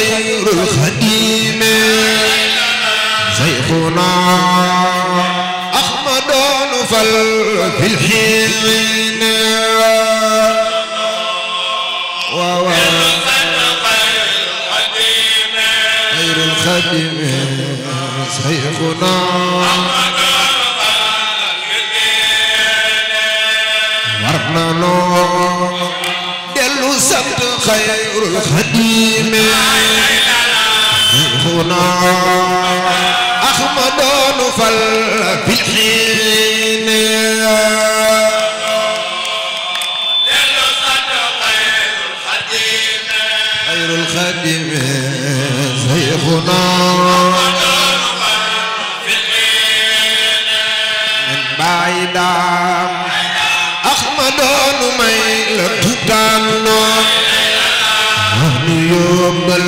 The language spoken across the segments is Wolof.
خير الخديم شيخنا أحمد نفل في الحين خير الخديم شيخنا أحمد warna no delu sant xay الخديم هنا أحمد نفل في الحين خير الخديم شيخنا من بعيدا أحمد نميل تتنو nu yombal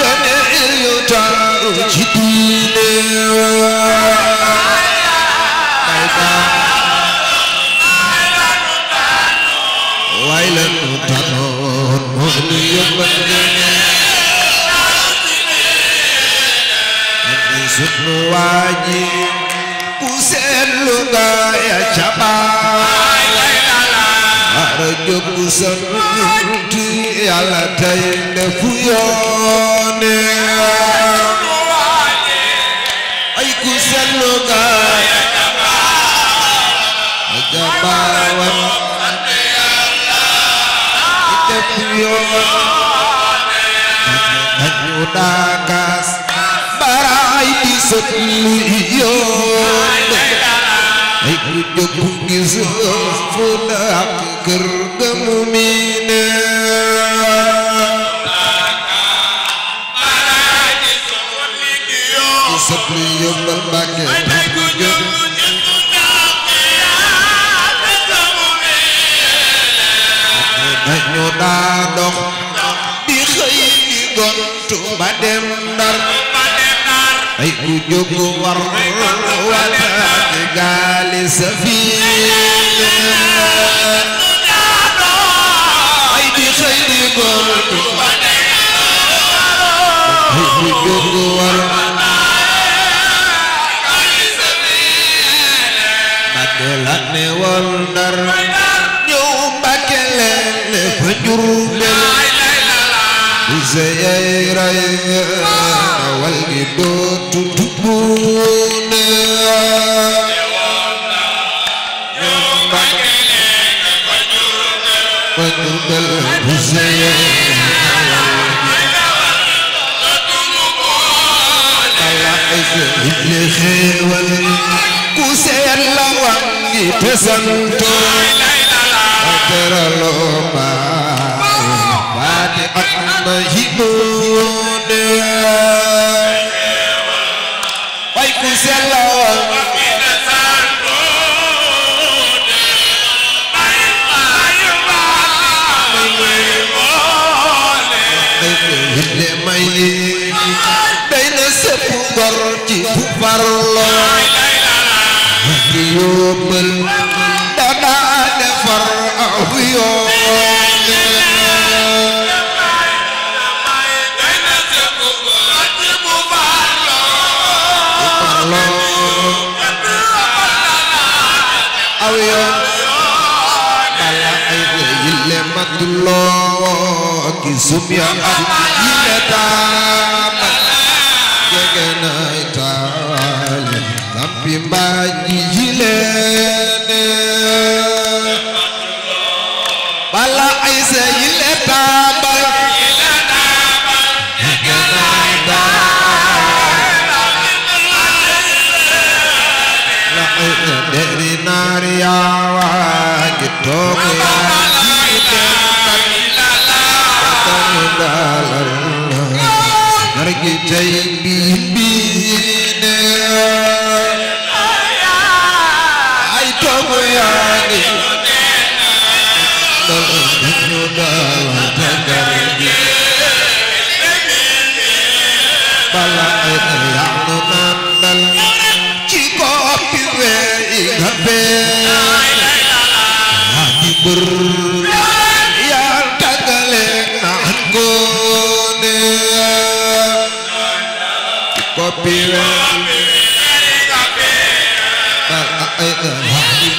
ganeel yu taaru ci diine waay la nu tanoon moo nu yombal ganeel sunu waaji bu seetlu nga ya cabaa ara jóg bu sant yàlla tey ne fu yoone ay ku sellu gaay jabaawan te fu yoone dañu daagaas baraay di sotlu yoone ay ku jóg gis fu na ak kër ga mu miine yóbbal Mbàkke dañu daa dox di xëy di gontu ba dem Ndar ay ku jóg war wala di gaali sa fiine ay di xëy di gontu ay ku jóg war ne wal ndar ñëw mbàkke leen fa njur bel bu seyey ray wal gi dootu tubbuune ñëw mbàkke leen fa njur bel bu seyey ray wal ngi te santo ateralo ma bade atma hibune way ku sella Day na sepp ngor ci bu farloo Sumya Adilata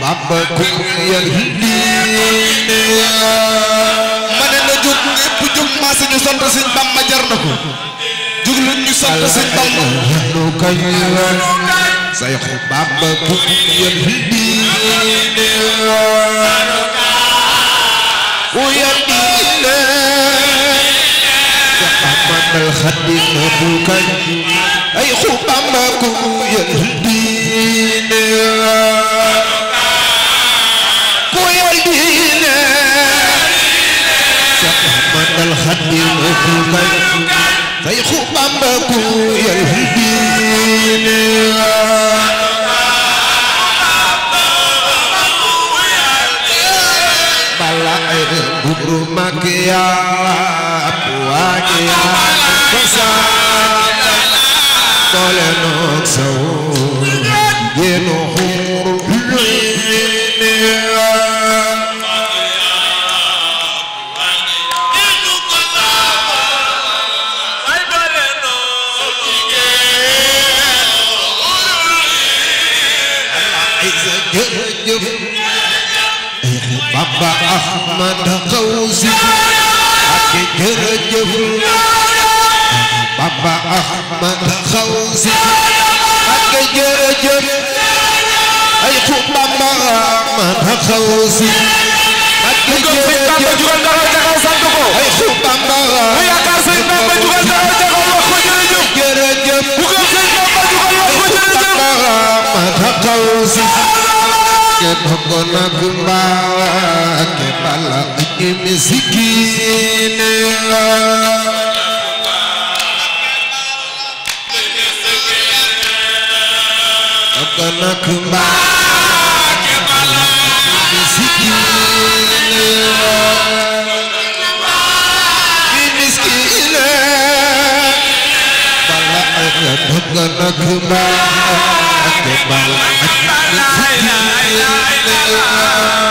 bàmbakum yahidini ma ne na jóg ñépp jóg maa si ñu sant sëñ Bamba jar na ko jóg lu ñu sant sëñ Bamba nu kañ la sayxu bàmbakum yahidini ويمينا أمام الخدم مبوكا أي خبامكم يهدينا الخدم أخوك فيخ بامبكو يا الهدين بلاء ببرمك يا أبواك يا فساد قول نوك سوون ينوح Baba Ahmad Kawsi ak jërëjëf Baba Ahmad Kawsi ak jërëjëf ay ku Baba Ahmad Kawsi ak jërëjëf ay ku Baba ke dogona gumba ke bala ke misikine dogona gumba ke bala ke misikine Dogona gumba أكبر لا إله إلا الله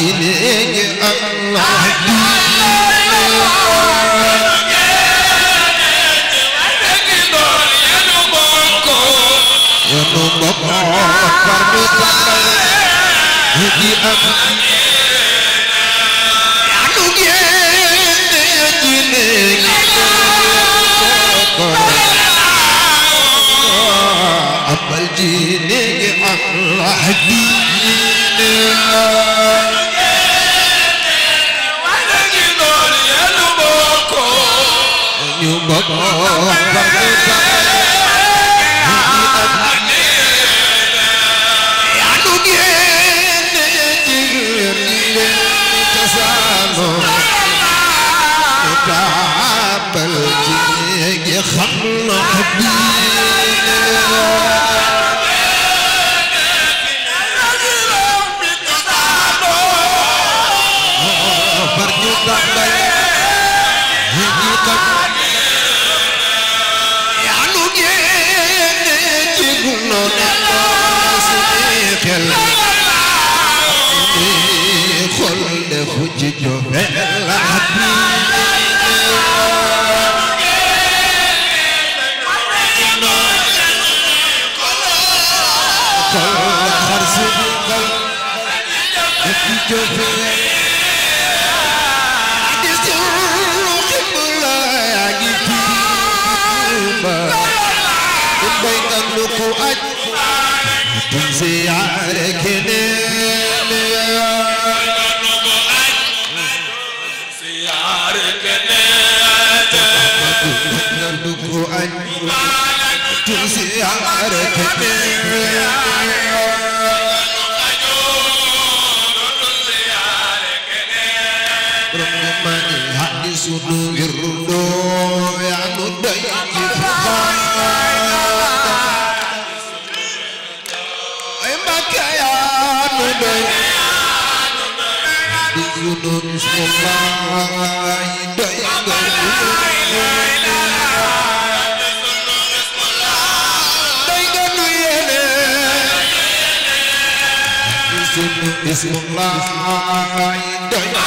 Yeah. sunu mbokk moo far ñu tàmbal ñu ji ak yaanu génne ya ji néeg amal ji néeg Allah ji néeg ñu mbokk Tusi yang ada kini بسم الله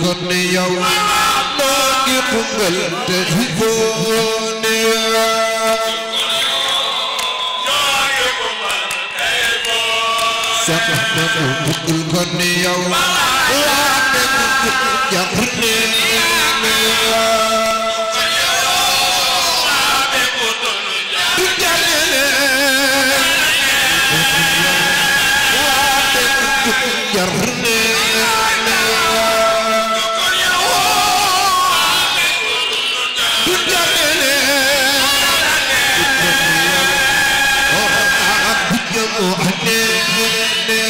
kon ne yow maa ngi xungal te xiboo ne sax na ko buggul kon ne yow yaa nekk jàpp ne محمد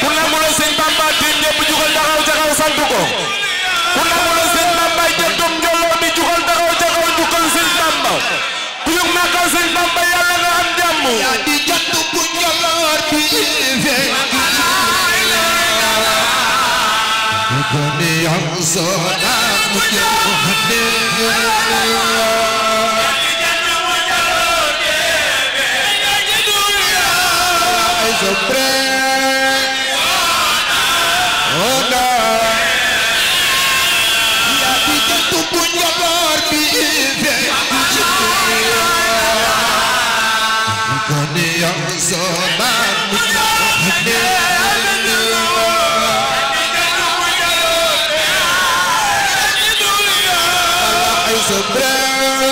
ku nangul sëñ Bamba te ñëpp jugal taxaw ca kaw sant ko ku nangul sëñ Bamba jottum njoloo bi jugal taxaw ca kaw jukkal sëñ Bamba ku yug màggal sëñ Bamba yàlla nga am jàmm yaa di jottu bu njoloo bi fekk Duniya so da mujhe Sobrão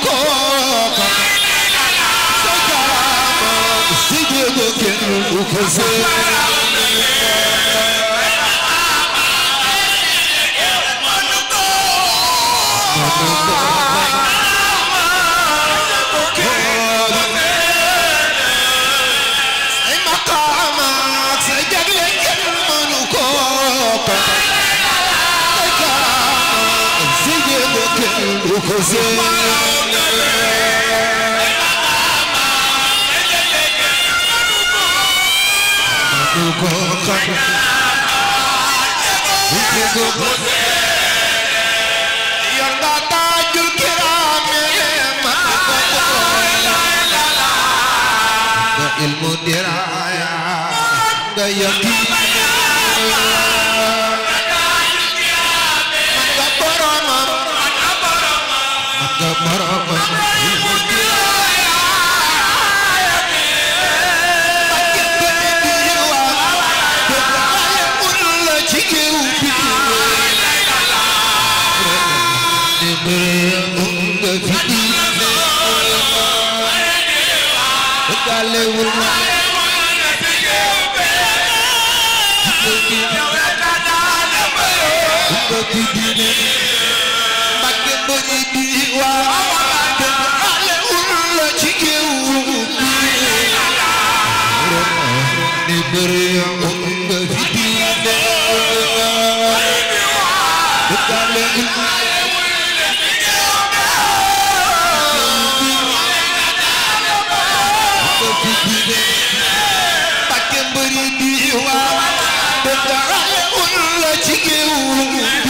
ko Cause ilmu diraya daya kita Wow, the girl who loves you.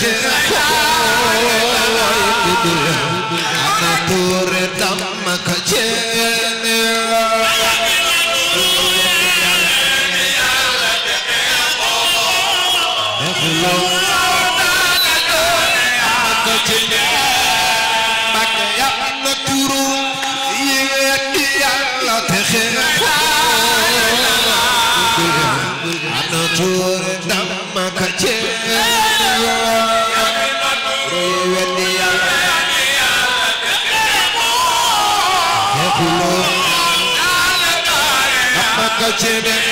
خير ko ci def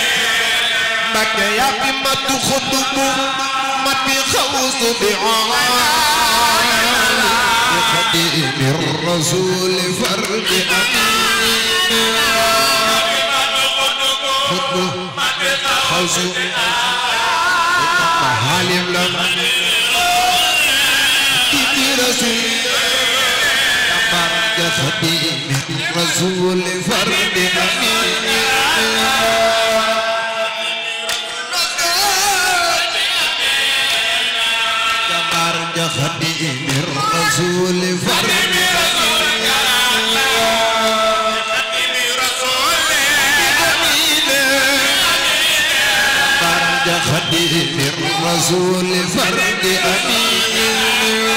Mbakke yaa fi matu xutubu mati xawsu bi xadimi rasul fardi amin خديم رسول فرد أمين خديم الرسول فرد خديم الرسول فرد أمين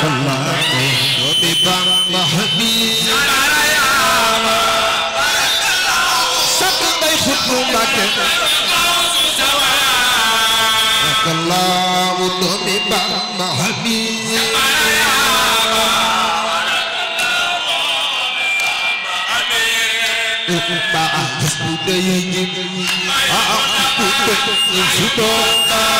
Sudah yang ini, aku pun sudah.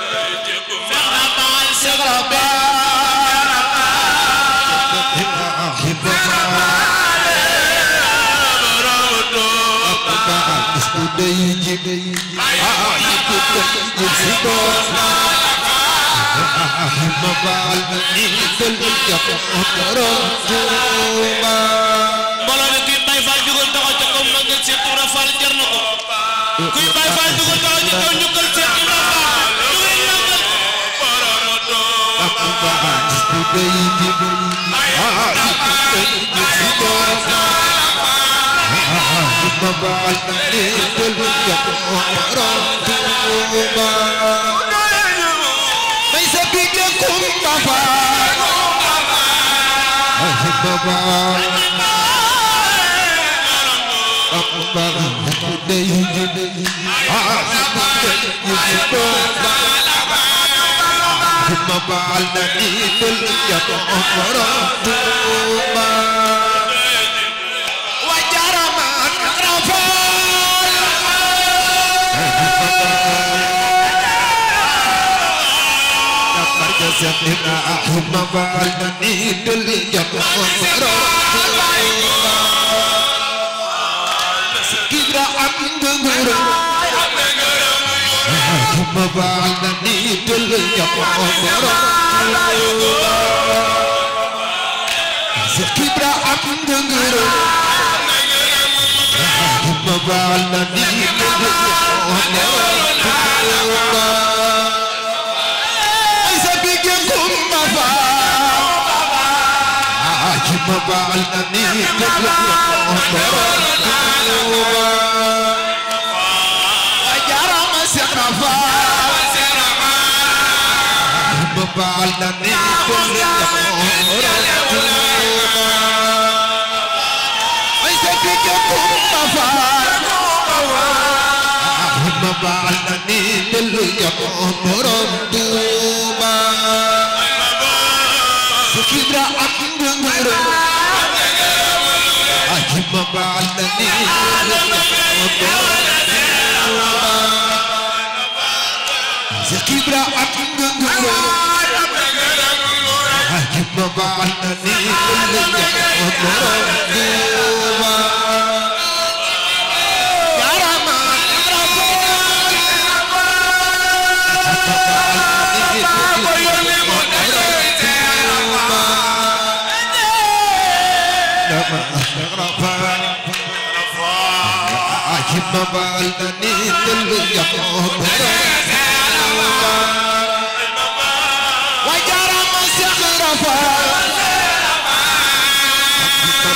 kuy Baay Faal dugal taxaw ci kaw njukkal Seex Ibra Baba, ثم بعد عيد يتغفر ثم وجرم رفع جسدنا ثم بعد عيد يتغفر ثم كبر عبد غرور هم بعد نيد اليوم زكبرا أبنغر هم بعد نيد اليوم بعلني قبل الله فعلتني كل الأمور عزتك ثم فعلتني كل الأمور دوما سكبر أمور ثم فعلتني كل الأمور دوما سكبر أمور بابا منني بابا الدنيا كل يوم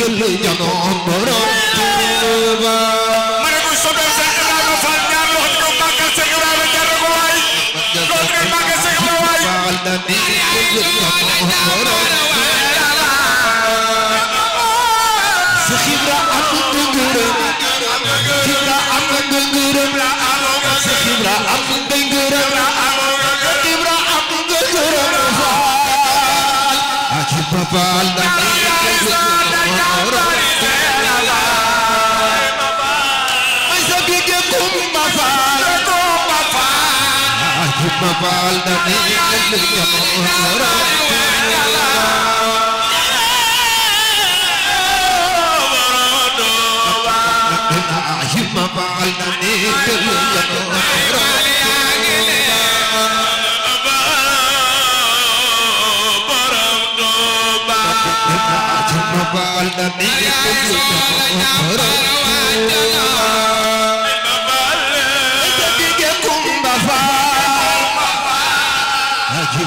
jël janoon borom Tuuba maragul sobe sa Ibrahima Fall ñaar loxo ñu màggal sa Ibrahima Jàll ko waay loxo ñu màggal sa Ibrahima waay baal na ni jël janoon borom sa xibra am dëngërëm xibra am dëngërëm sa xibra am dëngërëm xibra am dëngërëm Faal ak Papa Fall kumba faal kumba faal kumba faal dani lil jamara kumba faal dani lil jamara Bal da mi ko ko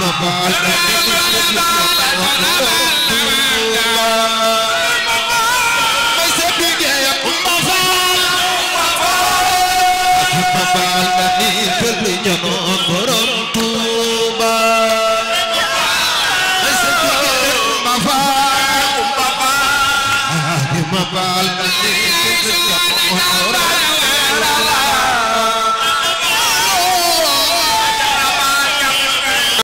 Baba, let me fill your بال